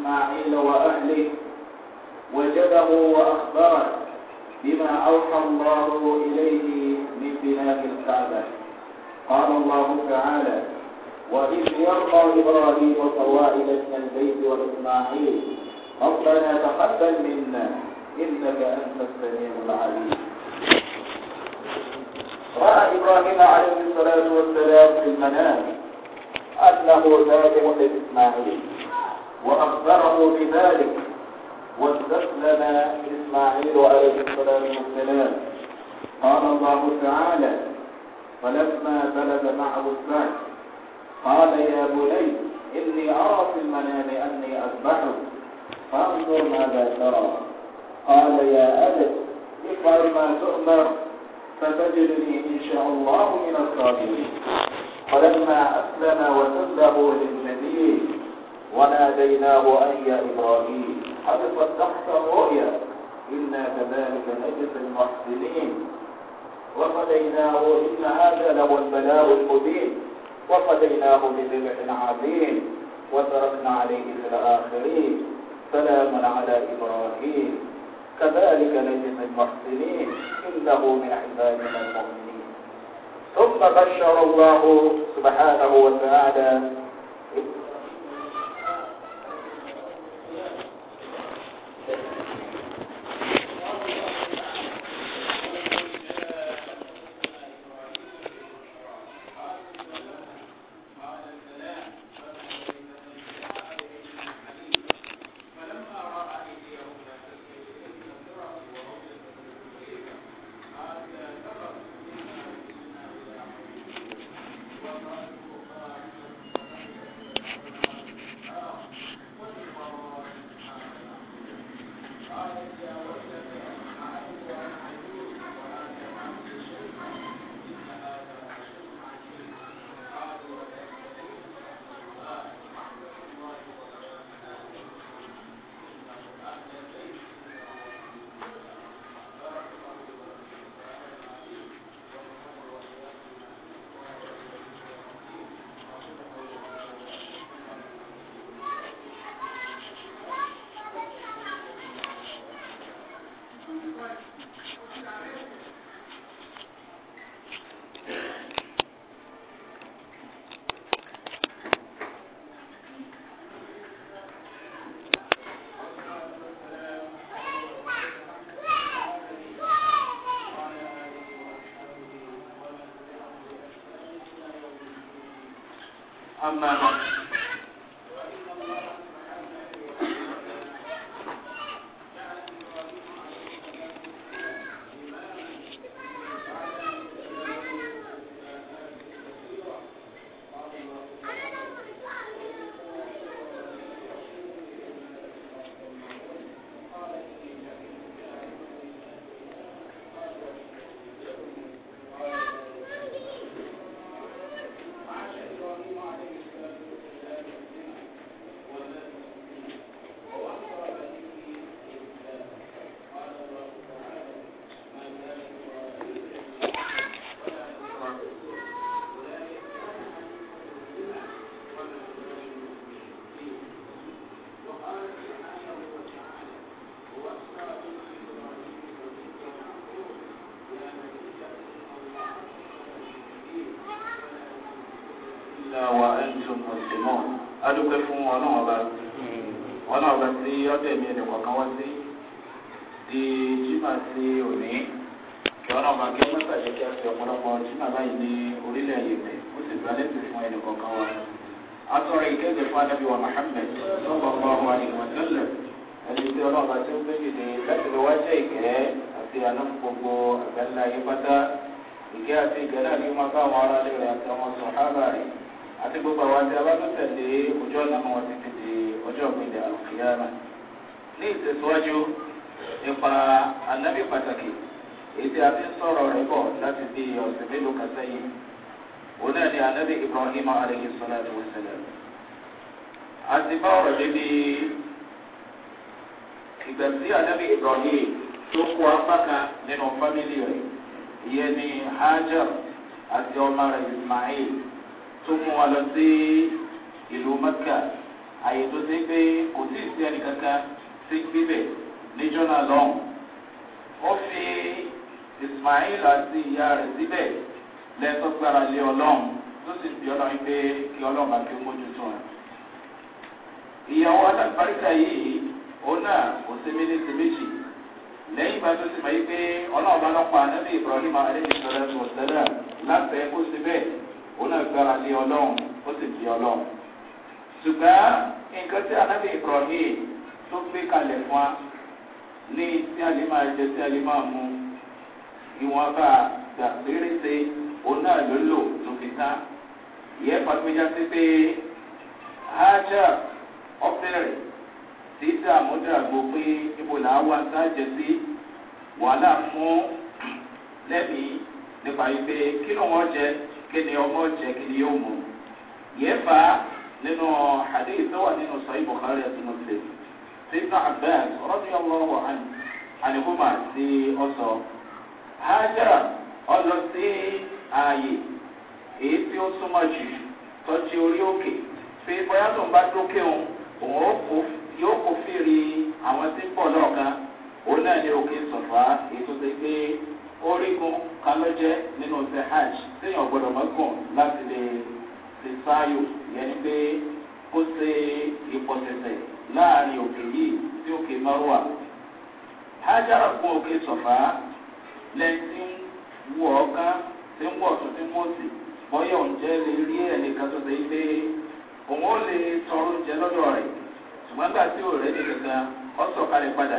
إسماعيل وأهله وجده وأخبره بما أوحى الله إليه من بناء الكعبة قال الله تعالى وإذ يرقى إبراهيم قواعد من البيت وإسماعيل ربنا تقبل منا إنك أنت السميع العليم رأى إبراهيم عليه الصلاة والسلام في المنام أنه ذابح إسماعيل وأخبره بذلك واستسلم إسماعيل عليه الصلاة والسلام قال الله تعالى فلما بلد معه السعي قال يا بني إني أرى في المنام أني أذبحك فانظر ماذا ترى قال يا أبت افعل ما تؤمر فتجدني إن شاء الله من الصابرين فلما أسلم وسله للنبي وناديناه أن يا إبراهيم قد صدقت الرؤيا إنا كذلك نجد المحسنين وفديناه إن هذا له البلاء المبين وفديناه بذبح عظيم وتركنا عليه في الآخرين سلام على إبراهيم كذلك نجزي المحسنين إنه من عبادنا المؤمنين ثم بشر الله سبحانه وتعالى I'm not. adúpẹ́ fún ọlọ́run ọba ọlọ́run ọba tí ọ̀tẹ̀ mi ẹ̀dẹ̀ kọ̀ọ̀kan wá sí di jimá sí òní kí ọlọ́run ọba kí wọ́n tàbí kí a fi ọ̀pọ̀lọpọ̀ jimá báyìí ní orílẹ̀ yìí ó sì gba lẹ́sìn fún ẹnì kọ̀ọ̀kan wá. atọ́rọ ìkéde fún anábì wa Muhammad sọ́kọ̀ ọmọ wa ni wọ́n tẹ́lẹ̀ ẹni tí ọlọ́run ọba tí ó gbé dìde láti lọ wá jẹ́ ìkẹ́ àti àná gbogbo àgbẹ̀ńlá yìí pátá ìkẹ́ àti ìkẹ́ náà ni wọ́n bá wọn ará lè rẹ̀ àti ọmọ àti gbogbo àwọn àti abátútẹ̀lé ojú ọ̀nà wọn ti fi di ọjọ́ ìpínlẹ̀ àlùkìyàmà ní ìtẹ̀síwájú nípa ànábì pàtàkì èdè àti sọ̀rọ̀ rẹ̀ bọ̀ láti di ọ̀sẹ̀ mélòó kan sẹ́yìn òun náà ni ànábì Ibrahim alayhi salatu wa salam àti bá ọ̀rọ̀ débi ìgbà tí ànábì Ibrahim tó kó apá kan nínú fámìlì rẹ̀ ìyẹn ni Hajar àti ọmọ rẹ̀ Ismail tó mú wa lọ sí ìlú mẹ́kà àyè tó ṣe pé kò tí ì sí ẹnì kankan sí gbígbẹ̀ níjọ́ náà lọ́hùn. ó fi ismail àti ìyá rẹ̀ síbẹ̀ lẹ́tọ́ gbára lé ọlọ́run tó sì fi ọlọ́run pé kí ọlọ́run bá fi mójú tó rẹ̀. ìyàwó alágbáríkà yìí òun náà kò sí mínísítì méjì lẹ́yìn ìgbà tó ti mọ̀ yí pé ọlọ́run bá lọ́pàá nẹ́bí ibrahim alẹ́ ìṣọ̀rẹ́ tó tẹ́lẹ̀ láti ẹ̀ kó síbẹ̀ òun náà gbára lé ọlọ́run ó sì di ọlọ́run. ṣùgbọ́n nǹkan tí anábì ibrahim tó gbé kalẹ̀ fún wa ní tí a lè máa jẹ tí a lè máa mu ìwọ̀nba gbàgbérése òun náà ló lò tó fi tán. ìyẹn pàtójá sí pé ájá ọ̀bẹ̀rẹ̀ tí dààmúdàgbò pé ibo là wá sáàjẹ sí wàhálà fún lẹ́mìí nípa ìpè kí ló wọ́n jẹ kéde ọmọ jẹ kéde yóò mú yẹ fà á nínú hadith tó wà nínú sahih bukhari àti muslim sèpà abẹ́ẹ̀ ọ̀rọ̀dì ọlọ́wọ́ àníkùmá sí ọ̀sọ̀ hajara ọlọ sí ààyè èyí tí ó súnmọ́ jù tọ́jú orí òkè pé bóyá tó ń bá dókè òun òun yóò kó fèrè àwọn tí ń bọ̀ lọ́ọ̀kan òun náà ní òkè sọ̀fà ètò ìgbé orígun kan ló jẹ́ nínú hajj téèyàn gbọ́dọ̀ mọ́gùn láti lè ti sáyò ìyẹn ni pé kó ṣe láàrin òkè yìí sí òkè márùwà. hajjara gun òkè sọ̀fà lẹ́yìn tí ń tí ń wọ̀ tún tí ń tọrọ gbà tí ò padà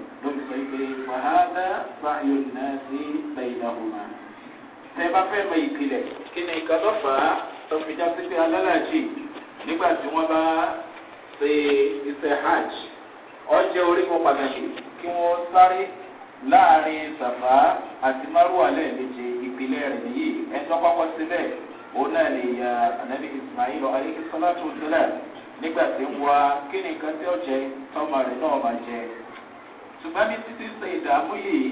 lórí sọ pé wàhálà báyọ̀ náà sí bẹ̀yìnà ọ̀nà. tẹ́ bá fẹ́ mọ ìpìlẹ̀ kí ni ìkan lọ́fà á tó fi já sí pé alálàjì nígbà tí wọ́n bá ṣe iṣẹ́ hajj ọjọ́ orígun pàtàkì kí wọ́n sáré láàrin sàfà àti márùwà lẹ́ẹ̀mejì ìpìlẹ̀ rẹ̀ nìyí ẹjọ́ nígbà tí ń wá kí ni nǹkan tí ó jẹ tọ́mọ rẹ̀ náà máa jẹ ṣùgbọ́n ní títí ṣe ìdààmú yìí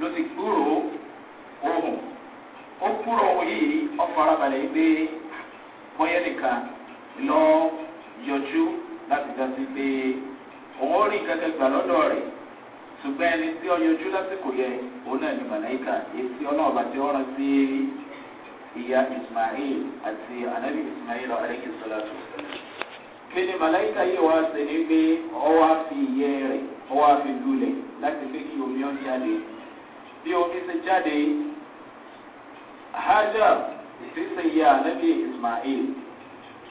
ló ti gbúrò ohun ó gbúrò ohun yìí ọkọ̀ arábalẹ̀ yìí pé bọ́yẹ́ nìkan lọ yọjú láti dá sí pé òun ó rí kẹ́kẹ́ gbà lọ́dọ̀ rẹ̀ ṣùgbọ́n ẹni tí ó yọjú lásìkò yẹ òun náà ní màláìka èsì ọlọ́ọ̀bà tí ó rán sí ìyá ismail àti anabi ismail alayhi salatu wa kí ni màláìka yìí wá sí ni pé ọwọ́ fi yẹ rẹ̀ ọwọ́ fi lulẹ̀ láti fi kí omi ọ jáde bí omi ti jáde hajar ìfísẹ̀ yẹ ànábì ismail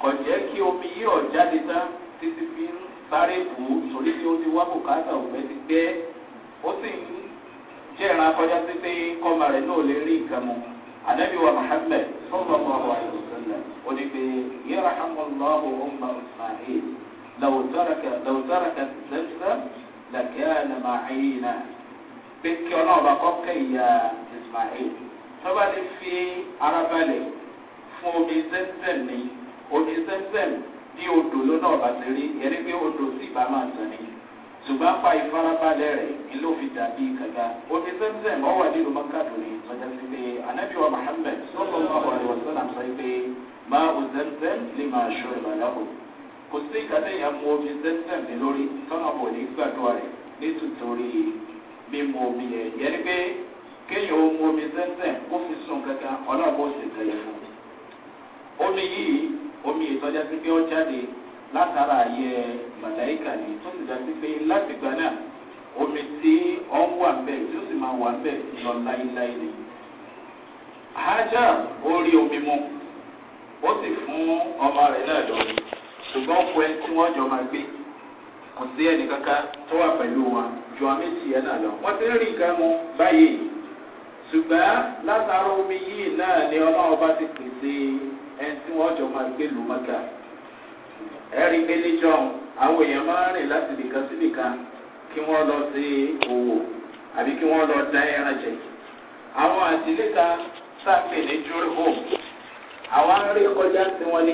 kò jẹ́ kí omi yìí ọ̀ jáde tán títí fi ń sáré bù ú torí tí ó ti wá bùkátà òfẹ́ ti gbẹ́ ó sì ń jẹ́ ìran akọjá títí kọ́mọ rẹ̀ náà lè rí nǹkan mu ànábì wa muhammed sọ́kọ̀ onígbé yẹ́rọ amọ̀lọ́hùn ọmọ ismail lọ́wọ́tọ́rọ̀kẹ́ lẹ́sẹ̀ lẹ́kẹ́ ẹ̀nàmà ayélujára pé kí ọlọ́ọ̀bà kọ́kẹ́ ìyá ismail tọ́ba lè fi ara balẹ̀ fún omi zẹ́mzẹ́m ní omi zẹ́mzẹ́m ní odò lọ́nà ọ̀bà ti rí yẹ́rẹ́ pé odò sì bá máa tàn ní ṣùgbọ́n pa ìfarabalẹ̀ rẹ̀ ni ló fi dàbí kàga omi zẹ́mzẹ́m ọ̀wà nílùú mọ́kàdù ma ń zẹ́mzẹ́m lè máa ṣọ ìbàdàbò kò sí ìkàtẹ́yìn amú omi zẹ́mzẹ́m ní lórí tọ́nàbọ̀ ní gbàdúrà rẹ̀ nítorí mímu omi yẹn yẹn ni pé kéèyàn ó omi kó fi sùn kankan sì tẹ̀lé fún un. omi yìí omi ìtọ́jà sí pé ó jáde látara màláìkà ni tó sì dá sí pé láti gbà náà omi tí ó ń wà tí ó sì máa wà lọ ni. ó rí omi ó sì fún ọmọ rẹ̀ náà lórí ṣùgbọ́n fún ẹni tí wọ́n jọ máa gbé kò sí ẹnì kankan tó wà pẹ̀lú wọn ju àmì tìyẹ náà lọ wọ́n ti ń rí nǹkan mu báyìí ṣùgbọ́n látara omi yìí náà ni ọlọ́run bá ti pèsè ẹni tí wọ́n jọ máa gbé lù mọ́gà ẹ̀rí gbé níjọ́ àwọn èèyàn máa ń rìn láti nìkan sí nìkan kí wọ́n lọ sí òwò àbí kí wọ́n lọ dá ẹran jẹ àwọn àtìlẹ́ta sáfẹ̀ ní jùlọ home. àwọn arí kọjá sí wọn ní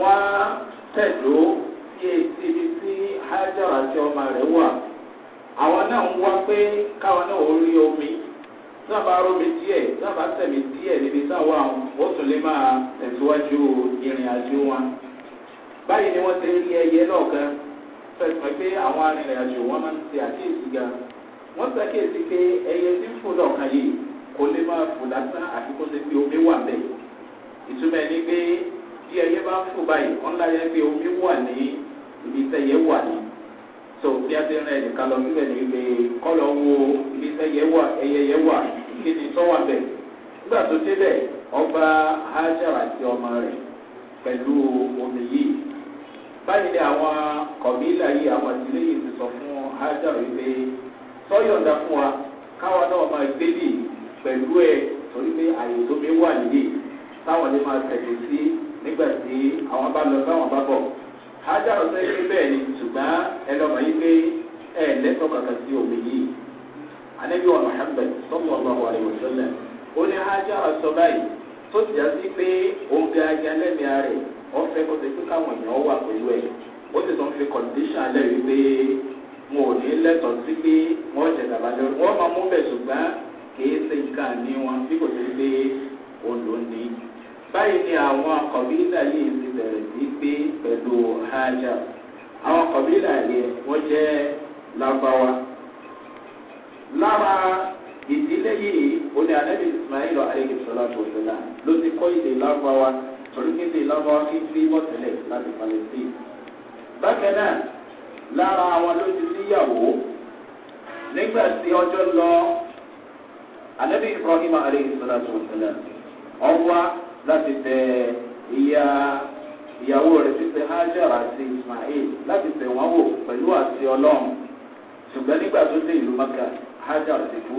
wọ́n tẹ̀dó sí ibi tí Hajar àti ọmọ rẹ̀ wà àwọn náà ń wá pé káwọn náà omi sábà rómi díẹ̀ sábà tẹ̀mí díẹ̀ níbi tún lè máa tẹ̀síwájú ìrìn àjò wọn ni wọ́n ti rí ẹyẹ náà kan fẹsùn pé àwọn wọn máa ń ṣe àkíyèsí wọ́n ṣàkíyèsí pé ẹyẹ tí ń fò kò lè máa fò ìtumọ̀ ẹni pé bí ẹyẹ bá fò báyìí láyé pé omi wà ní ibi tẹ́yẹ wà ní so bí a ti rìn ẹnìkan lọ síbẹ̀ ní ibi kọ́lọ̀ wo ibi tẹ́yẹ wà ẹyẹ wà kí ni sọ́wọ́ bẹ̀ nígbà tó débẹ̀ ọba hajar àti ọmọ rẹ̀ pẹ̀lú omi yìí báyìí ni àwọn kọ̀mílà yìí àwọn ìdílé yìí ti sọ fún hajar wípé sọ́yọ̀ǹda fún wa káwa náà máa gbé bì pẹ̀lú ẹ̀ torí pé àyè tó mi wà táwọn lè máa tẹ̀lé sí nígbà tí àwọn bá lọ táwọn bá bọ̀. ajá ọ̀sẹ̀ yìí bẹ́ẹ̀ ni ṣùgbọ́n ẹ lọ́mọ yìí pé ẹ lẹ́tọ̀ kankan sí omi yìí. anabi wa muhammed sọ́kùn ọlọ́wọ́ àrẹ wòsànlẹ̀ ó ní ajá ọ̀sọ̀ báyìí tó ti dá sí pé òun ga ajá lẹ́mìí rẹ̀ ọ̀fẹ́ kó ti tún káwọn èèyàn wà pẹ̀lú ẹ̀ ó sì tún fi kọ̀ǹdíṣàn lẹ̀ wí pé wọn ò ní lẹ́tọ̀ sí pé wọ́n jẹ̀ dàbà lórí wọ́n máa mú bẹ̀ ṣùgbọ́n kì í ṣe nǹkan ní wọn bí kò sí pé òun ló ní. báyìí ni àwọn kọ̀bílà yìí ti bẹ̀rẹ̀ sí gbé pẹ̀lú hajar àwọn kọ̀bílà yẹn wọ́n jẹ́ lágbáwá lára ìdílé yìí anabi ismail aleyhi sọlá tó sọlá ló ti kọ́ ìdè lágbáwá torí lágbáwá fi ń fi bọ́tẹ̀lẹ̀ láti bákan náà lára àwọn lọ anabi ibrahim aleyhi sọlá tó sọlá láti tẹ ìyá ìyàwó rẹ̀ títí hajar àti ismail láti tẹ wọn wò pẹ̀lú àti ọlọ́run ṣùgbọ́n nígbà tó dé ìlú maka hajar ti kú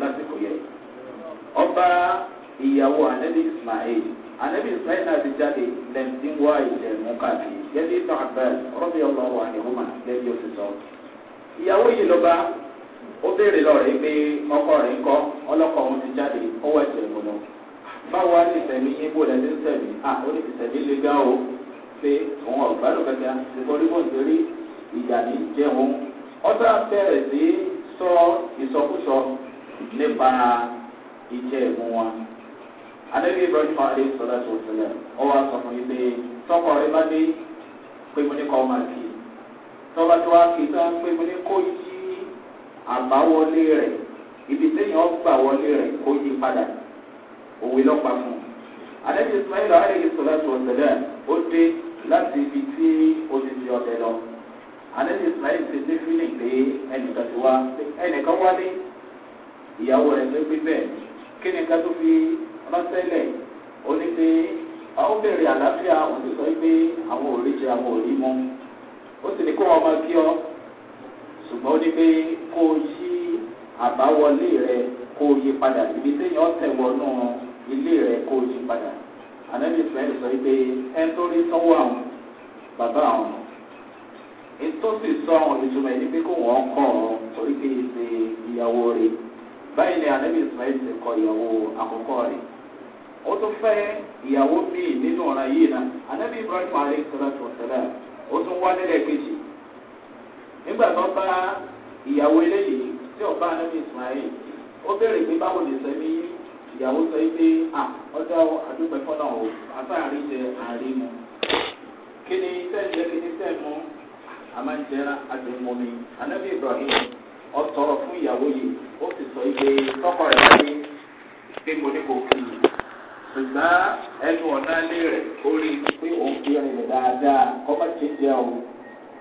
lásìkò yẹ ọba ìyàwó anabi ismail anabi ismail náà ti jáde lẹ́yìn wá ilẹ̀ mú káàkiri yẹ́nì ìtàn àgbẹ̀ rọ́bì ọlọ́wọ́ àyẹ̀wòmá lẹ́yìn oṣù sọ. ìyàwó yìí ló bá ó béèrè lọ́ọ̀rẹ́ pé ọkọ rẹ̀ ń kọ́ ọlọ́kọ̀ òun ti jáde ó wẹ̀ tẹ̀ gbọ́dọ̀. báwo á ti tẹ̀mí ó ní ti tẹ̀mí le gan o pé òun ọ̀gbádùn kẹta nítorí bó ń torí ìjà ní jẹun ọ̀tá bẹ̀rẹ̀ sí sọ ìsọkúsọ nípa ìjẹ ìmú wọn. Adé tó sẹlẹ̀ ọ wá sọ fún yín pé tọkọ rẹ bá dé pé mo ní kọ́ máa kì tó wá tán pé mo ní kó yí àbáwọlé ibi téèyàn gbà wọlé kó òwe lọ́pàá fún un. Àlẹ́bí Ismail Alayhi Salatu wa Salam ó dé láti ibi tí ó ti di ọ̀dẹ lọ. Àlẹ́bí Ismail ti dé fílẹ̀ pé ẹnìkan ti wá ẹnìkan wálé ìyàwó rẹ̀ ló gbé bẹ́ẹ̀. Kí ni ká tó fi ránṣẹ́ lẹ̀? Ó ní pé àwọn béèrè àlàáfíà òun ti sọ pé àwọn ò rí jẹ àwọn ò rí mu. Ó sì ní kó wọn máa kí ọ ṣùgbọ́n ó ní pé kó o yí àbáwọlé rẹ kó o yí padà síbi téèyàn tẹ̀ wọnú ilé rẹ kó o yí padà ànábì sọ pé ẹ tó rí sanwó àwọn bàbá àwọn ètò sì sọ àwọn ìtumọ̀ ẹni pé kó wọ́n kọ́ ọ torí pé ṣe ìyàwó báyìí ni ànábì ti kọ ìyàwó àkọ́kọ́ rẹ̀ ó tún fẹ́ ìyàwó míì nínú ọ̀ràn yìí náà ànábì ibrahim alayhi salatu ó tún wá nílẹ̀ kejì nígbà tó bá ìyàwó eléyìí tí ọba anabi ismail ó bẹ̀rẹ̀ pé báwo ìyàwó sọ pé ọjọ́ àdúgbò ẹ̀fọ́ náà o àtàrí jẹ àárín mu kí ni sẹ́ẹ̀jẹ́ kí ni sẹ́ẹ̀mú àmàjẹ́ra àdìmọ́mi anábì ibrahim ọ̀tọ̀rọ̀ fún ìyàwó yìí ó sì sọ pé tọkọ rẹ̀ wáyé pé mo ní kò kí i ṣùgbọ́n ẹnu ọ̀nà ilé rẹ̀ ó rí i pé òun fi rìn dáadáa kọ́ má ṣe jẹ́ o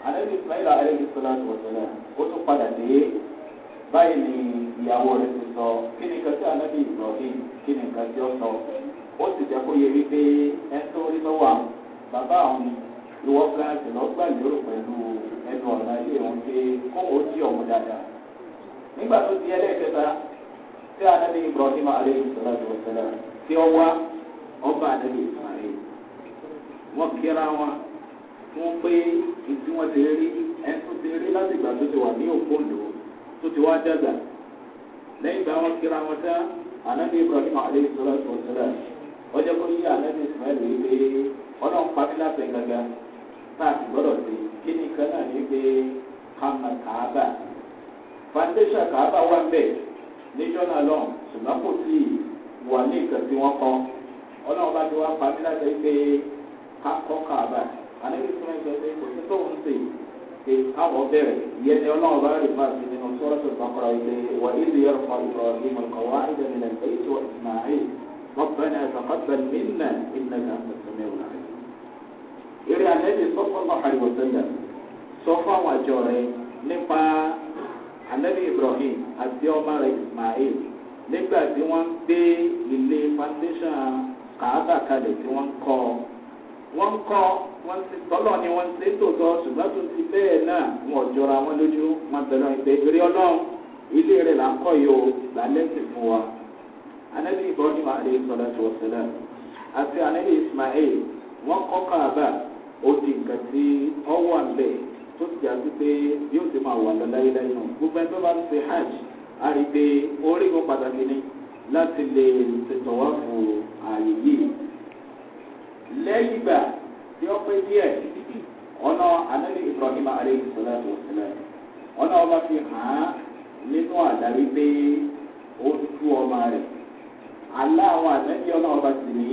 anábì ismaila alayhi salatu wa salam ó tún padà dé báyìí ni ìyàwó rẹ̀ sọ kí ni nǹkan anábì ibrahim kí ni nǹkan tí ó sọ ó sì jẹ́ kó yẹ wípé ẹni tó rí àwọn bàbá àwọn ni ìwọ france lọ gbà lérò pẹ̀lú ẹnu ọ̀nà ilé wọn pé kóhùn o jí ọ̀hún dáadáa nígbà tó di ẹlẹ́ẹ̀kẹta tí anábì ibrahim aleyhi salatu wa salam tí ó wá ọba anábì ismail wọn kíra wọn fún pé ìdí wọn ti rí ti rí láti tó ti wà ní tó ti wá dàgbà. lẹ́yìn ìgbà wọn kíra wọn tán anabi ibrahim alayhi salatu wa salam ọjọ́ kó yí anabi ismail yìí pé ọlọ́run pàmí láti gàgà náà ti gbọ́dọ̀ sí kí ni kan náà ní pé kàmà kàába foundation kàába wà ń bẹ̀ níjọ́ náà lọ ṣùgbọ́n kò sí wà ní nǹkan tí wọ́n kọ́ ọlọ́run bá ti wá pàmí láti pé kakọ́ kàába anabi ismail sọ pé kò sí tóun sè é káwọ́ bẹ̀rẹ̀ ìyẹn ni ọlọ́run bá rè máa fi سورة البقرة وإذ يرفع إبراهيم القواعد من البيت وإسماعيل ربنا تقبل منا إنك أنت السميع العليم eré anabi sọfọlọ àríwọsẹlẹ sọfọ àwọn àjọ rẹ̀ nípa anabi ibrahim àti ọmọ rẹ̀ ismail nígbà tí wọ́n gbé ilé foundation kaaba kalẹ̀ tí wọ́n kọ́ wọ́n kọ́ tọ́lọ̀ ni wọ́n ṣe tòótọ́ ṣùgbọ́n tó ti bẹ́ẹ̀ náà wọn ò jọra wọn lójú wọn bẹ̀rẹ̀ ìpè ìrírí ọlọ́run ilé rẹ̀ là ń kọ́ yìí o lálẹ́ sì fún wa. anabi ibrahim alayhi salatu wa salam àti anabi ismail wọn kọ́ káàbà ó di nǹkan tí ọwọ́ àgbẹ̀ tó ti jà sí pé yóò ti máa wà lọ́láyé lẹ́yìn náà gbogbo ẹni bá ń ṣe hajj a rí i pé pàtàkì ni láti lè ṣètọ́wá fún ààyè yìí lẹ́yìn ìgbà theophagy ọ̀nà anabi ibrahim aleyhi salatu oh, wa salam ọ̀nà ọba fi hàn otu ọba sì ní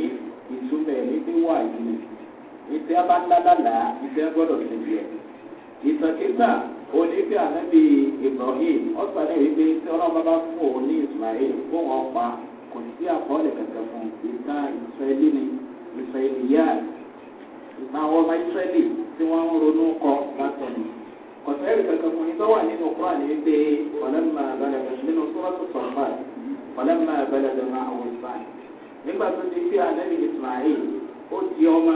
ìtumọ̀ ẹ̀ níbi wà yìí ìfẹ́ bá lálàlà ìfẹ́ gbọ́dọ̀ sí ibi ẹ̀ anabi ibrahim náà tí bá fún òun ní ismail fún wọn kò sí àkọọ́lẹ̀ kankan fún ìta ìgbà àwọn ọmọ ìsírẹ́lì tí wọ́n ń ronú kọ látọ̀nù. kọ̀sẹ́rì kankan fún yín tó wà nínú kúrò ní pé ọ̀lẹ́mà àgbàlagbà nínú sọ́wọ́tò sọ̀rọ̀mà ọ̀lẹ́mà àgbàlagbà máa àwọn ìsmáì. nígbà tó ti fi àlẹ́mì ìsmáì ó di ọmọ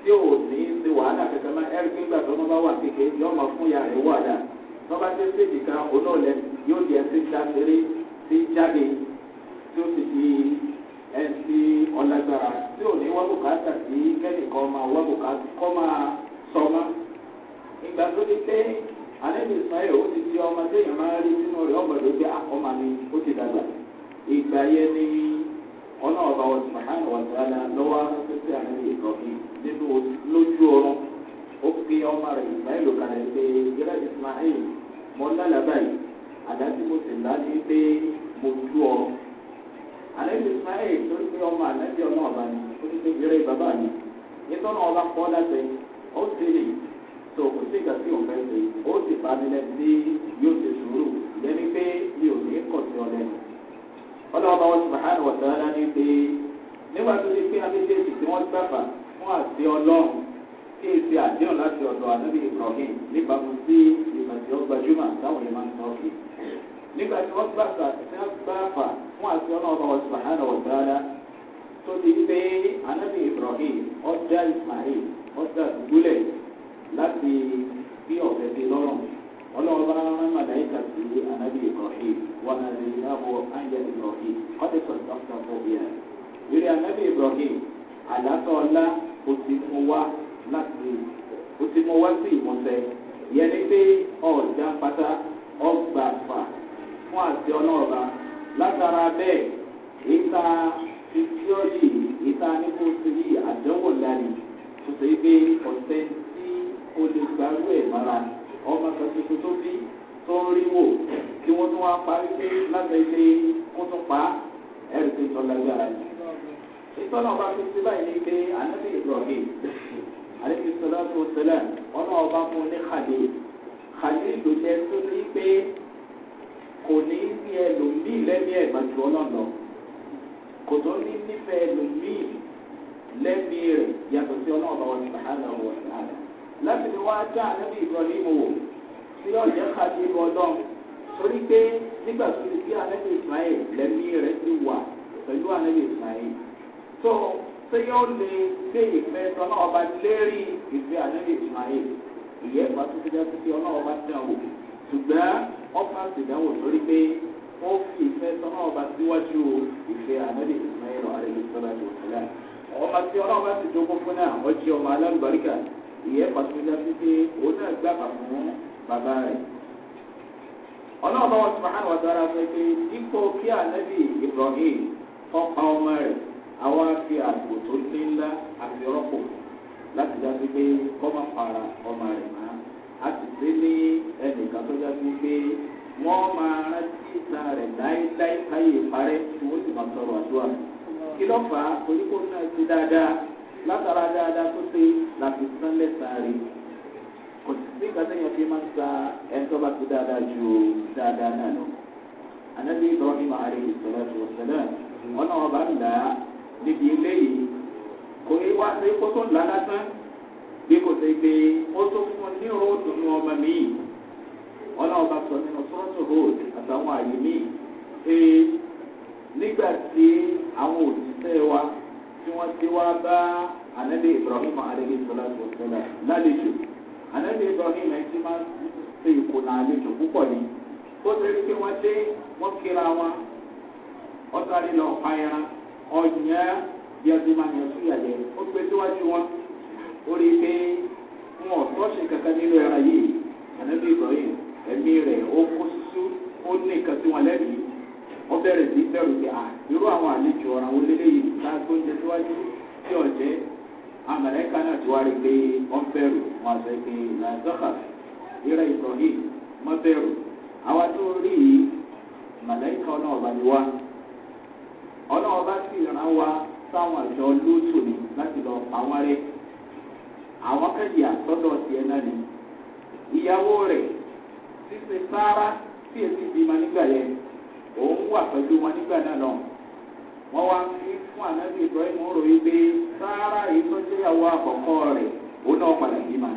tí ò ní ṣe wàhálà kankan máa ẹ̀rí nígbà tó wọ́n bá wà kékeré yọ ọmọ fún yàrá rẹ̀ wàhálà tó bá dé sí ìdìkan òun yóò di ẹsẹ̀ tí ọlágbára tí ò ní wá bùkátà sí kẹ́nìkan máa wá bùkátà kọ́ máa sọ mọ́. ìgbà tó ní pé àlejò ìsọ̀rọ̀ ó ti di ọmọ téèyàn máa rí sínú rẹ̀ ọ̀gbọ̀dọ̀ pé àkọ́mà ah, ni ó ti dàgbà. ìgbà yẹn ni ọ̀nà ọba wọn sùmọ̀tàn wọn sàlà lọ́wọ́ pípé àlejò nínú lójú ó ọmọ rẹ̀ kalẹ̀ pé mọ́ àlejò ismail torí pé ọmọ àlejò ọ̀nà ọ̀bà ni torí pé ìrẹ́ bàbá mi ìtọ́nà ọba kọ́ láti ó ti rè tó kò sí ìgbà tí òun fẹ́ ṣe ó sì bá mi lẹ́nu tí yóò ṣe sùúrù ìyẹn ni pé mi ò ní kọ̀ sí ọ lẹ́nu. ọlọ́ọ̀bá wọn sùn hàn wọ̀tá rárá ní pé nígbà tó ti pé abéjèèjì tí wọ́n gbàgbà fún àti ọlọ́run kí n ṣe àdéhùn láti ọ̀dọ̀ ànábì ibrahim níbàámu sí ìgbà tí wọ́n gbajúmọ̀ táwọn yẹn máa ń sọ ọ́ nígbà tí wọ́n gbàgbà tí wọ́n gbàgbà fún àti ọlọ́ọ̀bá wa subhanahu wa tó ti pé anabi ibrahim ọjà ismail ọjà dùgbúlẹ̀ láti bí ọ̀fẹ́ bí lọ́rùn ọlọ́ọ̀bá màláìka sí anabi ibrahim wọn àti ìyàwó anja ibrahim ọdẹ sọ̀tọ̀ sọ̀tọ̀ bíyà. ìrìn anabi ibrahim àlàtọ̀ ọ̀la ó ti mú wá láti ó ti mú wá sí ìmọ̀sẹ̀ yẹn pé ọ̀jà pátá ọgbà fà fún àti ọlọ́ọ̀bá látara bẹ́ẹ̀ ìta fífíọ́lì ìta nípò síbi àdánwò lálẹ́ tó ṣe é pé ọ̀sẹ̀ tí o lè gbárù ẹ̀ mọ́ra ọmọ tuntun tó bí tó ń rí wò kí wọ́n tún wá parí pé láti ṣe kó tún pa ẹ̀rù tó tọ́lá gbára yìí. ìtọ́nà ọba fi sí báyìí ní pé ànábì ìrọ̀lẹ́ àdébí sọlá tó tẹ́lẹ̀ ọ̀nà ọba fún ní xàdé xàdé ìlú tó ní pé kò ní ní ẹlòmíì lẹ́mí ẹ̀mọ́ ju ọlọ́run lọ kò tó ní nífẹ̀ẹ́ ẹlòmíì lẹ́mí rẹ̀ yàtọ̀ sí ọlọ́run lọ́wọ́ ní bàhálà wọ̀ ẹ̀dá láti fi wá dá àlẹ́bí ibrahim wò tí ọ̀jẹ̀ kájí ibi ọlọ́run torí pé nígbà tó ti fi àlẹ́bí ismail lẹ́mí rẹ̀ ti wà pẹ̀lú àlẹ́bí ismail tó ṣé yóò lè gbé ìfẹ́ tọ́lá ọba lérí ìfẹ́ àlẹ́bí ismail ṣùgbọ́n ọ̀pá ṣèdánwò lórí pé ó fi ìfẹ́ sọ́nà ọba síwájú ìfẹ́ ànábì ìsmáyìlì àrẹ́lẹ́sọ́lá tó tẹ̀lé. ọmọ tí ọlọ́run bá ti dogun fún náà wọ́n jẹ́ ọmọ alágbàríkà ìyẹn pàṣẹ jáde pé òun náà gbàgbà fún bàbá rẹ̀. ọlọ́run bá wọn ti máa wà dára fẹ́ pé dípò kí ànábì ibrahim tọ́pa ọmọ rẹ̀ àwọn afi àgbò tó ní ńlá àfi rọ́pò láti jáde pé kọ́ para ọmọ rẹ̀ máa á sì kan tó yàtú pé wọ́n máa rántí ìtàn rẹ̀ láéláé káyè parẹ́ tí wọ́n sì máa sọ̀rọ̀ àdúrà. kí ló fà á torí kó náà ti dáadáa látara dáadáa tó ṣe láti sán lẹ́sàárì kò sí sí ìgbàsẹ́yìn fi máa sa ẹ̀ńtọ́ bá ti dáadáa ju dáadáa náà lọ. ànábì Ibrahim alayhi salatu wa salam ọ̀nà ọba ńlá níbi ilé yìí kò ní wá sí kótó ńlá lásán bí kò sí pé ó tó fún un ní òórùn ọmọ mi yìí. ọlọ́run bá sọ nínú sọ́ọ̀tù hold àtàwọn àyè pé nígbà tí àwọn òṣìṣẹ́ wa tí wọ́n ti wá bá anabi ibrahim aleyhi salatu wa salam lálejò anabi ibrahim ẹ ti máa ṣe púpọ̀ ni ó ṣe rí pé wọ́n dé wọ́n kíra wọn ọ̀tàrí lọ pa ẹran ọ̀yàn bí ọtí máa yàn sí ìyàlẹ́ ó gbé síwájú wọn ó rí i pé wọn ò kankan nínú yìí. wọ́n rí pé wọ́n bẹ̀rù wọ́n sọ pé làzọ́kà ìrẹ́ ibrahim wọ́n bẹ̀rù àwa tó rí yìí màlẹ́kà ọlọ́ọ̀bá ni wá ọlọ́ọ̀bá sì ràn wá sáwọn àjọ lóòtù ni láti lọ pa wọ́n rẹ́ àwọn kẹ́yì àtọ́dọ̀ tiẹ̀ náà ni ìyàwó rẹ̀ ṣíṣe sáárá tí èsì bímọ nígbà yẹn òun wà pẹ̀lú wọn nígbà náà náà wọ́n wá ń fi fún ànábì ibrahim ó ròyìn pé sáárà yìí tó jẹ́yàwó àkọ́kọ́ rẹ̀ òun náà padà bí ma.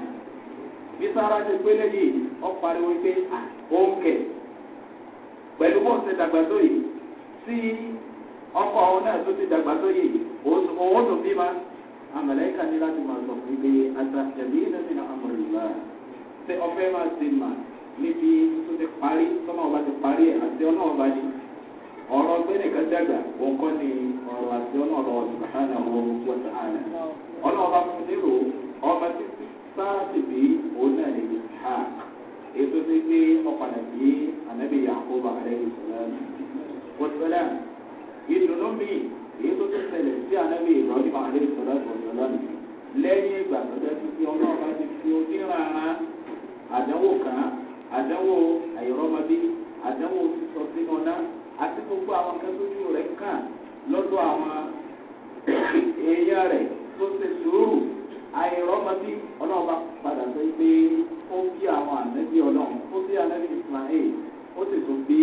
bí sáárà ti gbélé yìí ó pariwo pé ó ń kẹ̀. pẹ̀lú bó ń ṣe dàgbà tó yìí tí ọkọ̀ òun náà tó ti dàgbà tó yìí òun tó bí ma. àmàlẹ́kà ní láti máa sọ fún pé àtàkẹ́bí náà ní àmọ̀rìlá ṣé ọfẹ́ máa ṣe mà níbi tó ti parí tọ́mọ̀ ọba ti parí ẹ̀ àti ọlọ́ọ̀ba ọ̀rọ̀ pé nìkan dàgbà òun kọ́ ni ọ̀rọ̀ àti ọ̀nà ọ̀rọ̀ ìbáhánà wọn wọ́n ti hàn. ọ̀nà ọba fún nílò ọba ti sáà ti bí òun náà ní ìhà ètò ti gbé ọ̀padà bí ànábì yàkóbá rẹ̀ ìsìlámù. wọ́sọ̀lá ìdùnnú mi èyí tó ti ṣẹlẹ̀ sí ànábì ìrọ̀lẹ́ màálé ìsọ̀lá ìsọ̀lá lẹ́yìn ìgbà tó dẹ́ àti gbogbo àwọn nǹkan tójú rẹ̀ kàn lọ́dọ̀ àwọn èèyàn rẹ̀ tó ṣe sùúrù àìrọ́mọdé ọlọ́ọ̀bá padà sọ pé ó bí àwọn ànábì ọlọ́run ó bí ànábì ismail ó sì tún bí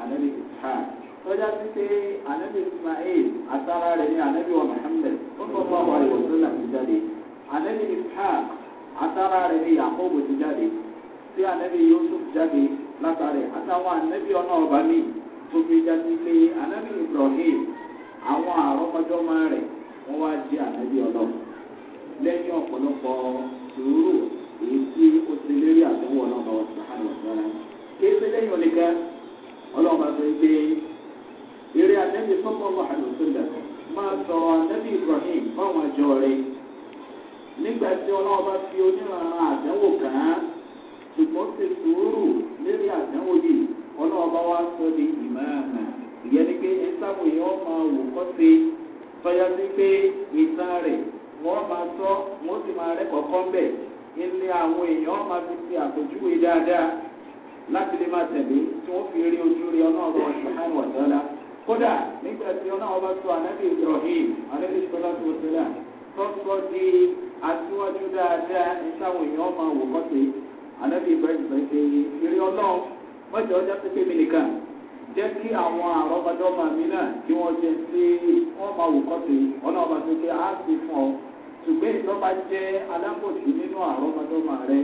ànábì ishaq tọ́já sí pé ànábì ismail àtàrà rẹ̀ ní ànábì wa muhammed ó sọ fún àwọn àìwọ̀ tó nàbí jáde ànábì ishaq àtàrà rẹ̀ ní yakubu ti jáde tí ànábì yusuf jáde látàrí àtàwọn ànábì ọlọ́ọ̀bá míì. tó fi jáde anabi ibrahim àwọn àrọ́mọdọ́mọ rẹ̀ wọ́n wá di anabi ọlọ́run lẹ́yìn ọ̀pọ̀lọpọ̀ sùúrù èyí tí ó ti lérí àdánwò ọlọ́run ọ̀sán àlọ́sán kìí ṣe lẹ́yìn ọ̀nìkan ọlọ́run àti ìgbé eré anabi sọ́kọ̀ ọ̀sán àlọ́sán máa sọ anabi ibrahim fáwọn àjọ rẹ̀ nígbà tí fi kàn án ṣùgbọ́n sùúrù lérí ọlọ́ọ̀bá wa sọ di ìmáàmà ìyẹn ni pé ẹ̀sáwò yẹn wọ́n máa wò kọ́ sí tọ́já sí pé ìtàn rẹ̀ wọ́n máa sọ wọ́n sì máa rẹ́kọ̀ọ́ kọ́ mbẹ̀ ilé àwọn èèyàn máa fi ṣe àpèjúwe dáadáa láti lè máa tẹ̀lé tí wọ́n fi rí ojú rí ọlọ́ọ̀bá ṣùgbọ́n wọ̀dọ́lá kódà nígbà tí ọlọ́ọ̀bá sọ anábì ibrahim anábì sọlá tó ṣẹlẹ̀ tó sọ di aṣíwájú dáadáa ẹ̀sáwò yẹn wọ́n máa wò kọ́ sí anábì ibrahim bẹ̀rẹ̀ ṣe eré ọlọ́ọ̀ mọ́jọ ọjà tó pé mi nìkan jẹ́ kí àwọn àrọ́badọ́mà mi náà kí wọ́n jẹ sí wọ́n máa wò kọ́sì ọ̀nà ọba tó ṣe á sì fún ọ ṣùgbọ́n ìtọ́ba jẹ́ alábòsí nínú àrọ́badọ́mà rẹ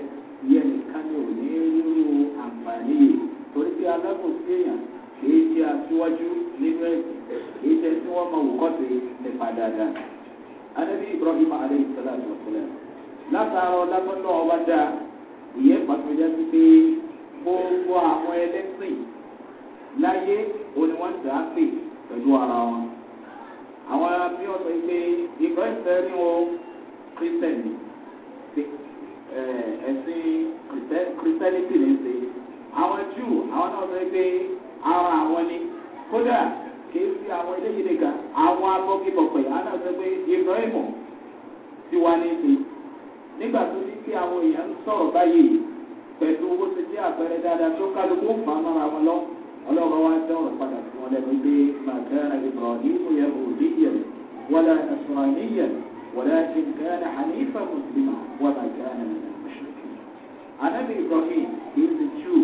yẹ nìkan ni ò ní rírú àǹfààní yìí torí pé alábòsí èèyàn kìí ṣe aṣíwájú nínú ẹ̀sìn kìí ṣe tí wọ́n máa wò kọ́sì nípa dáadáa. anábì ibrahim aleyhi salatu wa salam látàárọ̀ lágbọ́ndọ̀ ọba dáa ìyẹn pàtó yá gbogbo àwọn ẹlẹ́sìn láyé òní wọ́n ti á pẹ̀lú ara wọn. àwọn bí wọ́n sọ ìgbọ́ ìfẹ́ ní o kírísítẹ̀nì ẹ̀sìn kírísítẹ́nìtì ní ṣe. àwọn jù àwọn náà sọ pé ara àwọn ni kódà kìí sí àwọn eléyìí nìkan àwọn abọ́kíbọ̀pẹ̀ àwọn náà sọ pé ìgbọ́ ìmọ̀ ti wá ní ṣe. nígbà tó ní kí àwọn pẹ̀lú owó ti jẹ́ àpẹẹrẹ dáadáa tó kálukú máa mára wọn lọ ọlọ́run wá dá ọ̀rọ̀ padà sí wọn lẹ́nu pé màgàrà ibrahimu yẹ òdìyẹ wọlé ẹ̀sùnmáníyẹ wọlé ẹ̀sìnkẹ́rẹ́ hanifa mùsùlùmá wọlé ẹ̀kẹ́rẹ́ anabi ibrahim kìí ti jù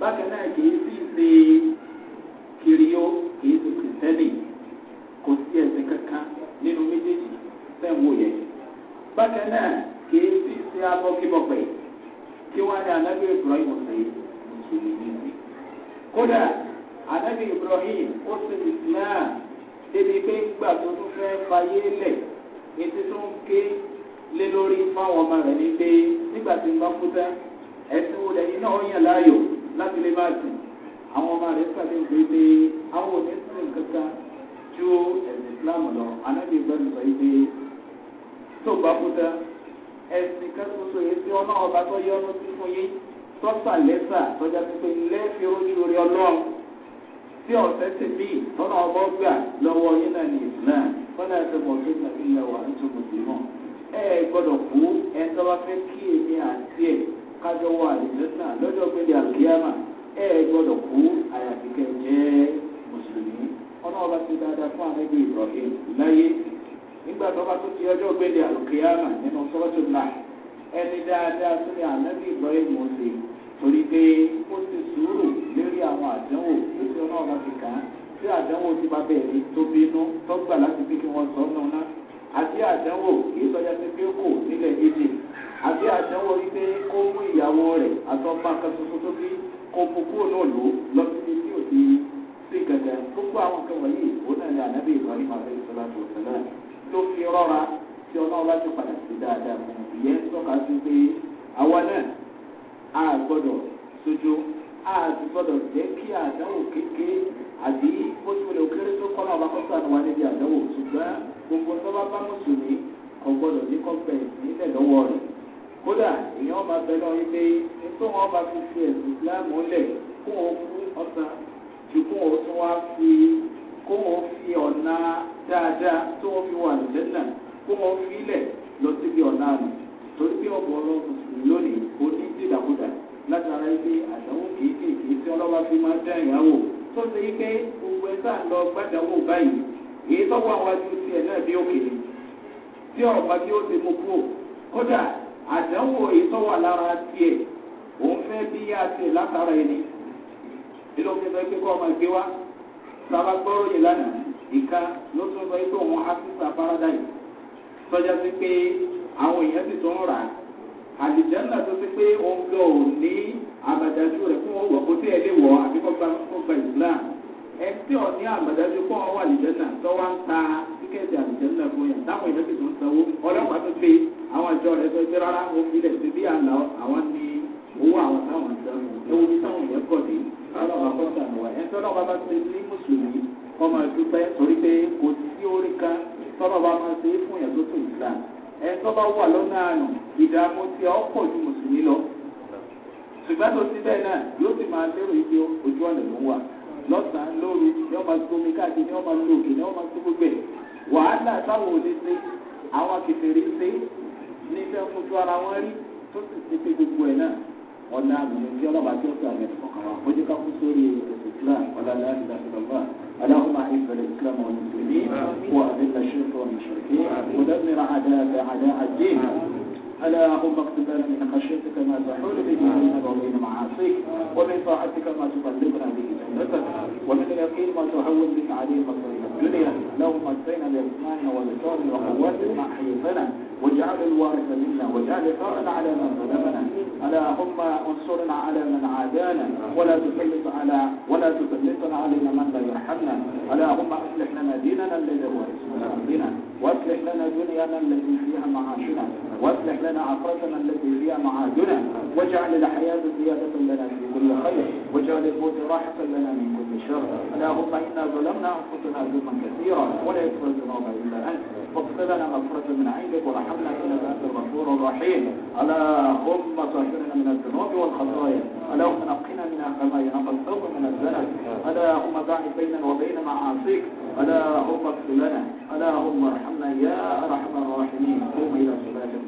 bákan náà kìí sì ṣe kiriyó kìí ti kìtẹ́lì kò sí ẹ̀sìn kankan nínú méjèèjì fẹ́ wò yẹ bákan náà kìí sì ṣe abọ́kíbọ̀pẹ̀ kí wọ́n ní anábì ibrahim ṣe mùsùlùmí ni. kódà anábì ibrahim ó sì ní islam débi pé gbà tó tún fẹ́ fayé lẹ̀ etí tó ń ké lé lórí fáwọn ọmọ rẹ̀ ní pé nígbà tí ń bá kú tán ẹ̀sìn wo lẹ́yìn náà ó yàn láàyò láti lè máa sìn àwọn ọmọ rẹ̀ pàdé ìwé pé àwọn ò ní sìn kankan ju ẹ̀sìn islam lọ anábì ibrahim sọ yìí pé tó bá kú tán ẹ̀sìn kan tuntun yìí tí ọlọ́run ọba tó yọnu sí fún yín tọ́sà lẹ́sà tọ́jà pípé lẹ́ẹ̀fì ojú orí ọlọ́run tí ọ̀sẹ̀ ti bí tọ́nà ọba gbà lọ́wọ́ yín náà ní ìsìlá kọ́nà ẹ̀sẹ̀ mọ̀ tó tàbí ilẹ̀ wà ń tó gbòdì mọ́ ẹ gbọ́dọ̀ kú ẹ tọ́ba fẹ́ kí èmi àti ẹ̀ kájọ wà lẹ́sà lọ́jọ́ gbélé àkíyàmà ẹ gbọ́dọ̀ kú àyàfi kẹ́ jẹ́ mùsùlùmí ọlọ́run ọba ti dáadáa fún nígbà tó bá tó di ọjọ́ gbélé àlùkìyàmà nínú sọ́ọ́tù náà ẹni dáadáa tó ní ànábì ìbọ̀rẹ́ mọ̀ọ́sẹ̀ torí pé ó ti sùúrù lórí àwọn àdánwò ètò ọ̀nà ọ̀nà ti kàn án tí àdánwò ti bá bẹ̀rẹ̀ tó bínú tọ́gbà láti fi kí wọ́n sọ ọ́ náà àti àdánwò èyí tọ́jà ti pé kò nílẹ̀ èdè àti àdánwò wípé kó mú ìyàwó rẹ̀ àtọ́gbà kan tó bí kó fukú náà lò lọ sí ibi tí sí gàgà gbogbo àwọn kan wọ̀nyí òun tó fi rọra tí ọlọ́run bá ti padà sí dáadáa fún un ìyẹn tọ́ka sí pé àwa náà a gbọ́dọ̀ sojú a sì gbọ́dọ̀ jẹ́ kí àdáwò kékeré àbí bó ti wọlé òkèrè tó kọ́ náà bá kọ́ sànù wá níbi àdáwò ṣùgbọ́n gbogbo sọ́ba bá mùsùlùmí kò gbọ́dọ̀ ní kọ́pẹ́ nílẹ̀ lọ́wọ́ rẹ̀ kódà èèyàn máa bẹ lọ wípé nítorí wọn bá fi fi ẹ̀sùn Islam lẹ̀ kún òkú ọ̀sán ju kún òkú wá fi kó wọn fi ọ̀nà dáadáa tó wọn fi wà filẹ náà kó wọn filẹ̀ lọ síbi ọ̀nà àná torí pé ọ̀pọ̀ ọlọ́run lónìí ó ní dídàkudà látara ibi àdánwò kéékèèké tí ọlọ́wà fi máa dá ìyàwó tó ṣe ike gbogbo gbàdánwò báyìí èyí náà bí òkèlè tí ọ̀pá tí ó ti mú kúrò kódà àdánwò èyí lára tiẹ̀ òun fẹ́ bí yá tiẹ̀ látara ẹni ọmọ ẹgbẹ́ wa sábà gbọ́rọ̀ yìí lánàá ìka ló tún sọ pé òun áfíìsà fárádà yìí sọjá sí pé àwọn èèyàn sì tún rà á àlìjánà tó ti pé òun lọ ò ní àbàdájú rẹ̀ fún òwò kó tí ẹ lè wọ̀ àbí kó gba kó gba islam ẹ tí ò ní àbàdájú fún ọwọ́ àlìjánà tó wá ń ta tíkẹ́ẹ̀tì àlìjánà fún yàn táwọn èèyàn sì tún sanwó ọlọ́pàá tó fi àwọn àjọ rẹ̀ tó ti rárá òfin rẹ̀ ti bí àlọ́ àwọn ní owó àwọn táwọn ń sanwó ẹ̀wọ̀n táwọn èèyàn kọ̀ ọlọ́ba kọ́ta wa ẹ̀ tọ́lọ́ bá bá ti ní mùsùlùmí wọ́n máa dúpẹ́ torí pé kò sí orí kan tọ́lọ́ bá máa ṣe é fún yàtọ̀ tó ìgbà ẹ̀ tọ́ba wà lọ́nà àrùn ìdààmú tí ọ pọ̀ ju mùsùlùmí lọ. ṣùgbọ́n tó ti bẹ́ẹ̀ náà yóò sì máa lérò ibi ojú ọ̀nà ló wà lọ́sàn-án lóru ni wọ́n máa gbomi káàkiri ni wọ́n máa lo òkè ni wọ́n máa tó gbogbo ẹ̀ wàhálà táwọn ò ní ṣe àwọn kẹfẹ́rẹ́ ṣe ní fojú ara wọn rí tó sì ṣe pé gbogbo ẹ̀ náà ọ̀nà àbùyẹ kí ọlọ́ba tí ó sọ àmì kọ̀ọ̀kan wa kó jẹ́ ká kú sórí ẹ̀sìn islam ọ̀làlá ìdàkùdọ̀gbà اللهم اعز الاسلام والمسلمين واذل الشرك والمشركين ودمر اعداءك اعداء الدين اللهم اكتب لنا من خشيتك ما تحول به بيننا وبين معاصيك ومن طاعتك ما تبلغنا به جنتك ومن اليقين ما تهون بك عليه مصائب الدنيا اللهم اجزينا باسمائنا وبصار وقواتنا ما حييتنا واجعل الوارث منا واجعل ثارنا على من ظلمنا اللهم انصرنا على من عادانا ولا تسلط على ولا تسلط علينا من لا يرحمنا اللهم اصلح لنا ديننا الذي هو ربنا واصلح لنا دنيانا التي فيها معاشنا واصلح لنا عقرتنا التي فيها معادنا واجعل الحياة زيادة لنا في كل خير واجعل الموت راحة لنا من كل شر اللهم انا ظلمنا انفسنا ظلما كثيرا ولا يكفر الذنوب الا انت واغفر لنا مغفرة من عندك وارحمنا انك انت الغفور الرحيم اللهم طهرنا من الذنوب والخطايا اللهم نقنا من كما ينقى الثوب من الزلل اللهم باعد بينا وبين معاصيك اللهم اغفر لنا اللهم ارحمنا يا ارحم الراحمين قوم الى صلاتك